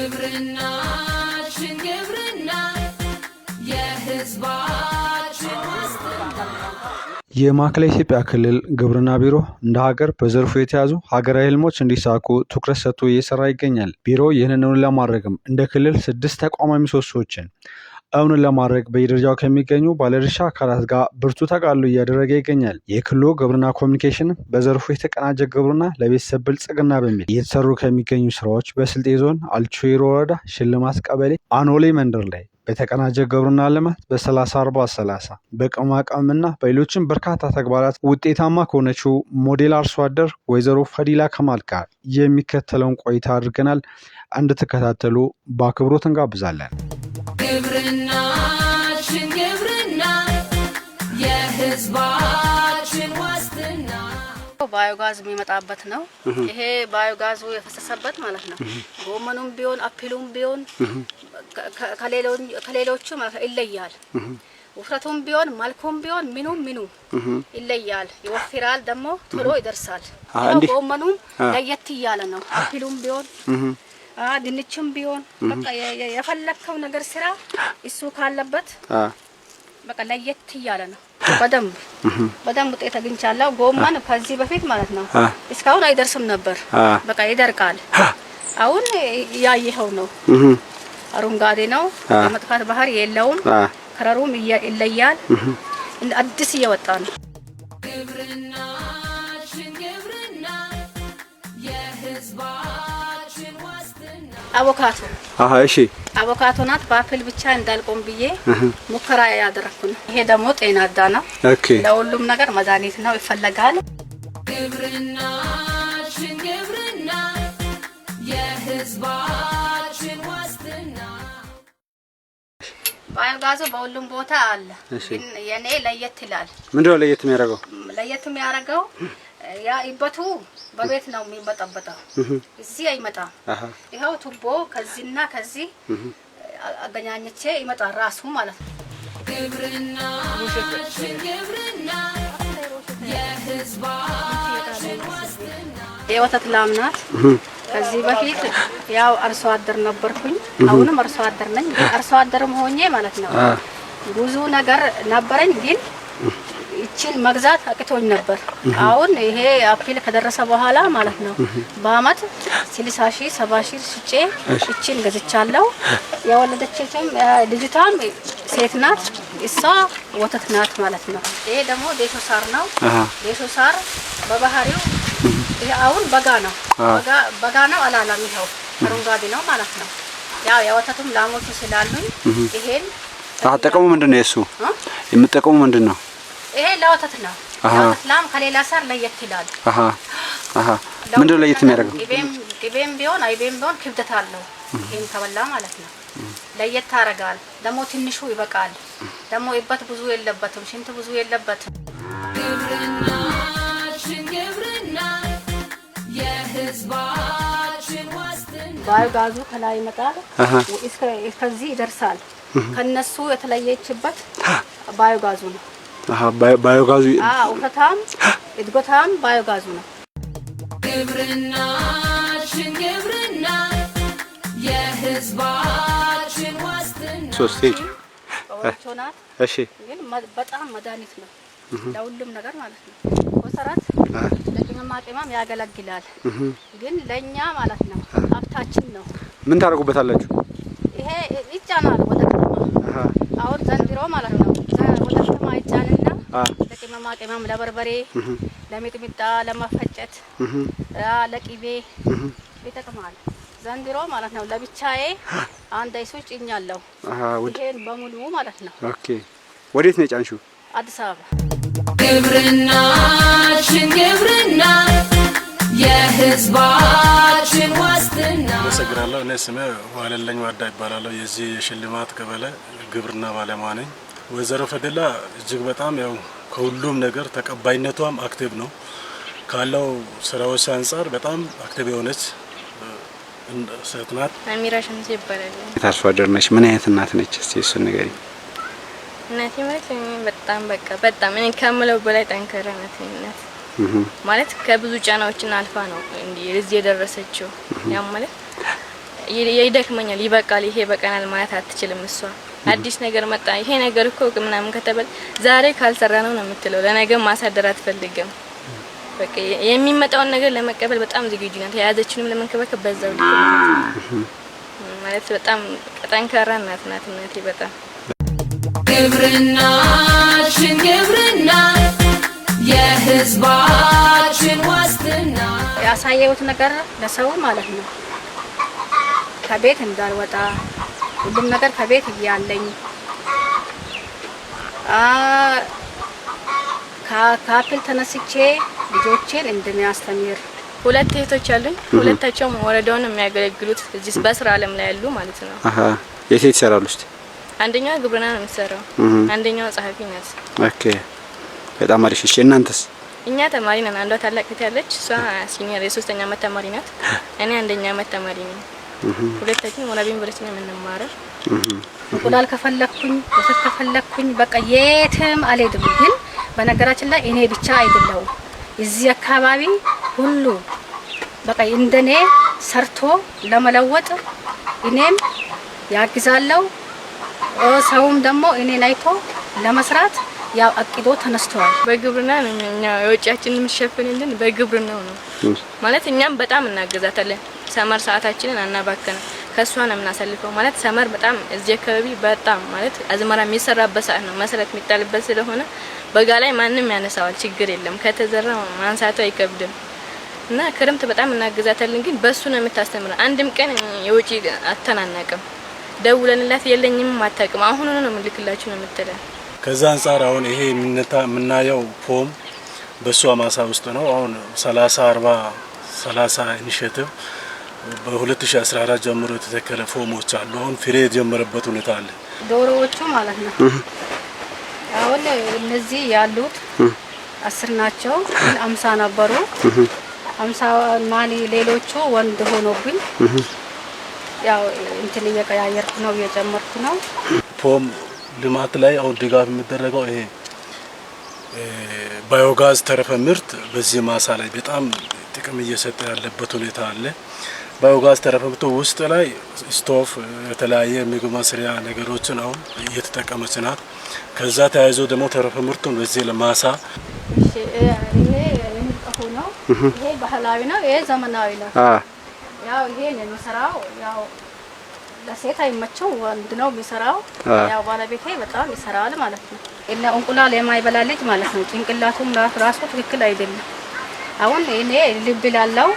ግብርናችን ግብርና የህዝባችን የማዕከላዊ ኢትዮጵያ ክልል ግብርና ቢሮ እንደ ሀገር በዘርፉ የተያዙ ሀገራዊ ህልሞች እንዲሳኩ ትኩረት ሰጥቶ እየሰራ ይገኛል። ቢሮ ይህንን ለማድረግም እንደ ክልል ስድስት ተቋማዊ ምሰሶዎችን እውን ለማድረግ በየደረጃው ከሚገኙ ባለድርሻ አካላት ጋር ብርቱ ተቃሉ እያደረገ ይገኛል። የክልሉ ግብርና ኮሚኒኬሽን በዘርፉ የተቀናጀ ግብርና ለቤተሰብ ብልጽግና በሚል እየተሰሩ ከሚገኙ ስራዎች በስልጤ ዞን አልቹሮ ወረዳ ሽልማት ቀበሌ አኖሌ መንደር ላይ በተቀናጀ ግብርና ልማት በ3040 በቅመማቅመምና በሌሎችም በርካታ ተግባራት ውጤታማ ከሆነችው ሞዴል አርሶ አደር ወይዘሮ ፈዲላ ከማል ጋር የሚከተለውን ቆይታ አድርገናል። እንድትከታተሉ በአክብሮት እንጋብዛለን። ግብርናችን ግብርና የህዝባችን ዋስትና ባዮጋዝ የሚመጣበት ነው። ይሄ ባዮጋዙ የፈሰሰበት ማለት ነው። ጎመኑም ቢሆን አፕሉም ቢሆን ከሌሎቹ ይለያል። ውፍረቱም ቢሆን መልኩም ቢሆን ምኑ ምኑ ይለያል፣ ይወፍራል፣ ደግሞ ቶሎ ይደርሳል። ጎመኑም ለየት እያለ ነው። አፕሉም ቢሆን ድንችም ቢሆን በቃ የፈለከው ነገር ስራ እሱ ካለበት በቃ ለየት እያለ ነው። በደንብ በደንብ ውጤት አግኝቻለሁ። ጎመን ከዚህ በፊት ማለት ነው እስካሁን አይደርስም ነበር፣ በቃ ይደርቃል። አሁን እያየኸው ነው። አረንጓዴ ነው፣ መጥፋት ባህር የለውም። ከረሩም ይለያል። አዲስ እየወጣ ነው። አቮካቶ አሀ፣ እሺ፣ አቮካቶ ናት። በአፕል ብቻ እንዳልቆም ብዬ ሙከራ ያደረኩ ነው። ይሄ ደግሞ ጤና አዳ ነው። ኦኬ፣ ለሁሉም ነገር መድኃኒት ነው፣ ይፈለጋል። ግብርናችን ግብርና የህዝባችን ዋስትና። ባዮጋዙ በሁሉም ቦታ አለ፣ ግን የኔ ለየት ይላል። ምንድነው ለየት የሚያደርገው? ለየት የሚያደርገው ያ ይበቱ በቤት ነው የሚመጣበታው፣ እዚህ አይመጣም። ይኸው ቱቦ ከዚህና ከዚህ አገናኝቼ ይመጣ ራሱ ማለት ነው። የወተት ላም ናት። ከዚህ በፊት ያው አርሶ አደር ነበርኩኝ። አሁንም አርሶ አደር ነኝ። አርሶ አደርም ሆኜ ማለት ነው ብዙ ነገር ነበረኝ ግን ይችን መግዛት አቅቶኝ ነበር። አሁን ይሄ አፕሪል ከደረሰ በኋላ ማለት ነው በአመት ስልሳ ሺህ ሰባ ሺህ ሽጬ ይችን ገዝቻለሁ። የወለደችትም ልጅቷም ሴት ናት። እሷ ወተት ናት ማለት ነው። ይሄ ደግሞ ዴሾ ሳር ነው። ዴሾ ሳር በባህሪው ይሄ አሁን በጋ ነው በጋ ነው አላላም። ይኸው አረንጓዴ ነው ማለት ነው። ያው የወተቱም ላሞቹ ስላሉኝ ይሄን ጥቅሙ ምንድን ነው? የእሱ የምጠቀሙ ምንድን ነው? ይሄ ለወተት ነው። ለወተት ላም ከሌላ ሳር ለየት ይላል። ምንድን ነው ለየት የሚያደርገው? ቅቤም ቢሆን አይቤም ቢሆን ክብደት አለው። ይህም ከበላ ማለት ነው ለየት ያደርጋል። ደግሞ ትንሹ ይበቃል። ደግሞ እበት ብዙ የለበትም፣ ሽንት ብዙ የለበትም። ግብርና የህዝባችን ዋስትና። ባዮጋዙ ከላይ ይመጣል እስከዚህ ይደርሳል። ከነሱ የተለየችበት ባዮጋዙ ነው። ባዮጋዙ ውተታም እድጎታም ባዮጋዙ ነው። ግብርናችን ግብርና የህዝባችን ዋስትና ናት። እሺ ግን በጣም መድኃኒት ነው ለሁሉም ነገር ማለት ነው። ኮሰረት ለቅመማ ቅመም ያገለግላል። ግን ለእኛ ማለት ነው ሀብታችን ነው። ምን ታደርጉበታላችሁ? ይሄ ይጫናል ወተት አሁን ዘንድሮ ማለት ነው ወተት Ah. ለቅመማ ቅመም፣ ለበርበሬ፣ ለሚጥሚጣ፣ ለማፈጨት፣ ለቅቤ ይጠቅማል። ዘንድሮ ማለት ነው ለብቻዬ አንድ አይሱ ጭኛለሁ። ይሄን በሙሉ ማለት ነው። ኦኬ ወዴት ነው የጫንሽው? አዲስ አበባ። ግብርናችን ግብርና የህዝባችን ዋስትና። አመሰግናለሁ። እኔ ስሜ ዋለለኝ ዋዳ ይባላለሁ። የዚህ የሽልማት ቀበሌ ግብርና ባለሙያ ነኝ። ወይዘሮ ፈደላ እጅግ በጣም ያው ከሁሉም ነገር ተቀባይነቷም አክቲቭ ነው ካለው ስራዎች አንጻር በጣም አክቲቭ የሆነች ሴት ናት። አሚራ ሸምሴ ይባላል። አርሶ አደር ነች። ምን አይነት እናት ነች? እስቲ እሱን ንገሪኝ። እናቴ ማለት በጣም በቃ በጣም እኔ ከምለው በላይ ጠንካራ ናት። እናት ማለት ከብዙ ጫናዎችን አልፋ ነው እንዲህ እዚህ የደረሰችው። ያም ማለት ይደክመኛል፣ ይበቃል፣ ይሄ በቀናል ማለት አትችልም እሷ አዲስ ነገር መጣ፣ ይሄ ነገር እኮ ምናምን ከተበል ዛሬ ካልሰራ ነው ነው የምትለው። ለነገ ማሳደር አትፈልግም። በቃ የሚመጣውን ነገር ለመቀበል በጣም ዝግጁ ናት። የያዘችንም ለመንከባከብ በዛው ማለት በጣም ጠንካራ እናት ናት። እናቴ በጣም ግብርናችን ግብርና የህዝባችን ዋስትና ያሳየሁት ነገር ለሰው ማለት ነው ከቤት እንዳልወጣ ሁሉም ነገር ከቤት እያለኝ ከአፕል ተነስቼ ልጆቼን እንደሚያስተምር ሁለት እህቶች አሉኝ። ሁለታቸውም ወረዳውን የሚያገለግሉት እዚህ በስራ አለም ላይ ያሉ ማለት ነው። አሃ የሴት ይሰራሉ እስቲ አንደኛዋ ግብርና ነው የምትሰራው፣ አንደኛዋ ጸሐፊ ናት። ኦኬ በጣም አሪፍ። እሺ እናንተስ? እኛ ተማሪ ነን። አንዷ ታላቅ እህት ያለች እሷ ሲኒየር የሶስተኛ አመት ተማሪ ናት። እኔ አንደኛ አመት ተማሪ ነኝ። ሁለታችን ወላቢ ዩኒቨርሲቲ ነው የምንማረው። እንቁላል ከፈለኩኝ ወተት ከፈለኩኝ በቃ የትም አልሄድም። ግን በነገራችን ላይ እኔ ብቻ አይደለሁም እዚህ አካባቢ ሁሉ በቃ እንደኔ ሰርቶ ለመለወጥ እኔም ያግዛለሁ። ሰውም ደግሞ እኔን አይቶ ለመስራት ያው አቂዶ ተነስተዋል። በግብርና ነው እኛ የወጪያችንን የምትሸፍንልን በግብርናው ነው ማለት እኛም በጣም እናገዛታለን። ሰመር ሰዓታችንን አናባከንም፣ ከእሷ ነው የምናሳልፈው። ማለት ሰመር በጣም እዚህ አካባቢ በጣም ማለት አዝመራ የሚሰራበት ሰዓት ነው፣ መሰረት የሚጣልበት ስለሆነ በጋ ላይ ማንም ያነሳዋል፣ ችግር የለም ከተዘራ ማንሳቱ አይከብድም። እና ክረምት በጣም እናገዛታለን፣ ግን በሱ ነው የምታስተምረ አንድም ቀን የውጪ አተናናቅም፣ ደውለንላት የለኝም አታውቅም፣ አሁን ነው የምልክላችሁ ነው የምትለን ከዛ አንጻር አሁን ይሄ የምናየው ፖም በእሷ ማሳ ውስጥ ነው። አሁን 30 40 30 ኢኒሼቲቭ በ2014 ጀምሮ የተተከለ ፎሞች አሉ። አሁን ፍሬ የጀመረበት ሁኔታ አለ። ዶሮዎቹ ማለት ነው። አሁን እነዚህ ያሉት አስር ናቸው። አምሳ ነበሩ። አምሳ ማን ሌሎቹ ወንድ ሆኖብኝ ያው እንትን እየቀያየርኩ ነው፣ እየጨመርኩ ነው ፖም ልማት ላይ አሁን ድጋፍ የሚደረገው ይሄ ባዮጋዝ ተረፈ ምርት በዚህ ማሳ ላይ በጣም ጥቅም እየሰጠ ያለበት ሁኔታ አለ። ባዮጋዝ ተረፈ ምርት ውስጥ ላይ ስቶቭ፣ የተለያየ ምግብ መስሪያ ነገሮችን አሁን እየተጠቀመች ናት። ከዛ ተያይዞ ደግሞ ተረፈ ምርቱን በዚህ ለማሳ ይሄ ባህላዊ ነው፣ ይሄ ዘመናዊ ነው። ያው ይሄ ነው የምሰራው ያው ለሴት አይመቸው ወንድ ነው የሚሰራው። ያው ባለቤቴ በጣም ይሰራል ማለት ነው። እና እንቁላል የማይበላ ልጅ ማለት ነው። ጭንቅላቱም ራሱ ትክክል አይደለም። አሁን እኔ ልብ ላለው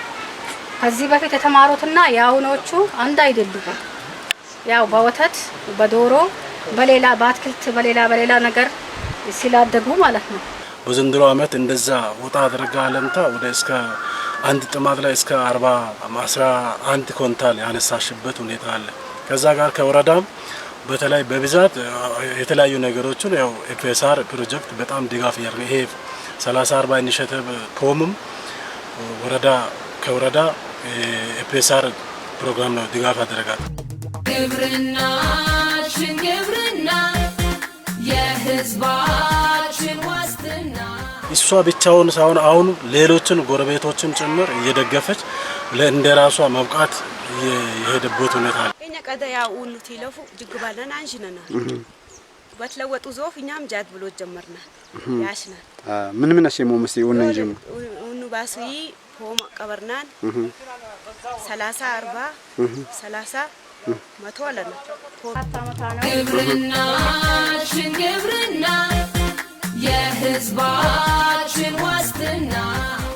ከዚህ በፊት የተማሩትና የአሁኖቹ አንድ አይደሉም። ያው በወተት በዶሮ በሌላ በአትክልት በሌላ በሌላ ነገር ሲላደጉ ማለት ነው። በዘንድሮ ዓመት እንደዛ ወጣ አድርጋ አለምታ ወደ እስከ አንድ ጥማት ላይ እስከ አርባ አስራ አንድ ኮንታል ያነሳሽበት ሁኔታ አለ። ከዛ ጋር ከወረዳም በተለይ በብዛት የተለያዩ ነገሮችን ያው ኤፍኤስአር ፕሮጀክት በጣም ድጋፍ እያደረገ ይሄ 30 40 ኢኒሼቲቭ ፖምም ወረዳ ከወረዳ ኤፍኤስአር ፕሮግራም ነው ድጋፍ ያደረጋል። ግብርናችን ግብርና የህዝባችን ዋስትና እሷ ብቻውን ሳይሆን አሁን ሌሎችን ጎረቤቶችን ጭምር እየደገፈች ለእንደራሷ መብቃት የሄደበት ሁኔታ አለ። ቀደ ያ ትይለፉ ጅግ ባለን አንሽነና በትለወጡ ዞፍ እኛም ጃት ብሎ ጀመርና ያሽና ምን ምን አሸሞ መስ ውን እንጂ ኡኑ ባስ ሆም ቀበርናን 30 40 30 መቶ አለና ግብርናችን ግብርና የህዝባችን ዋስትና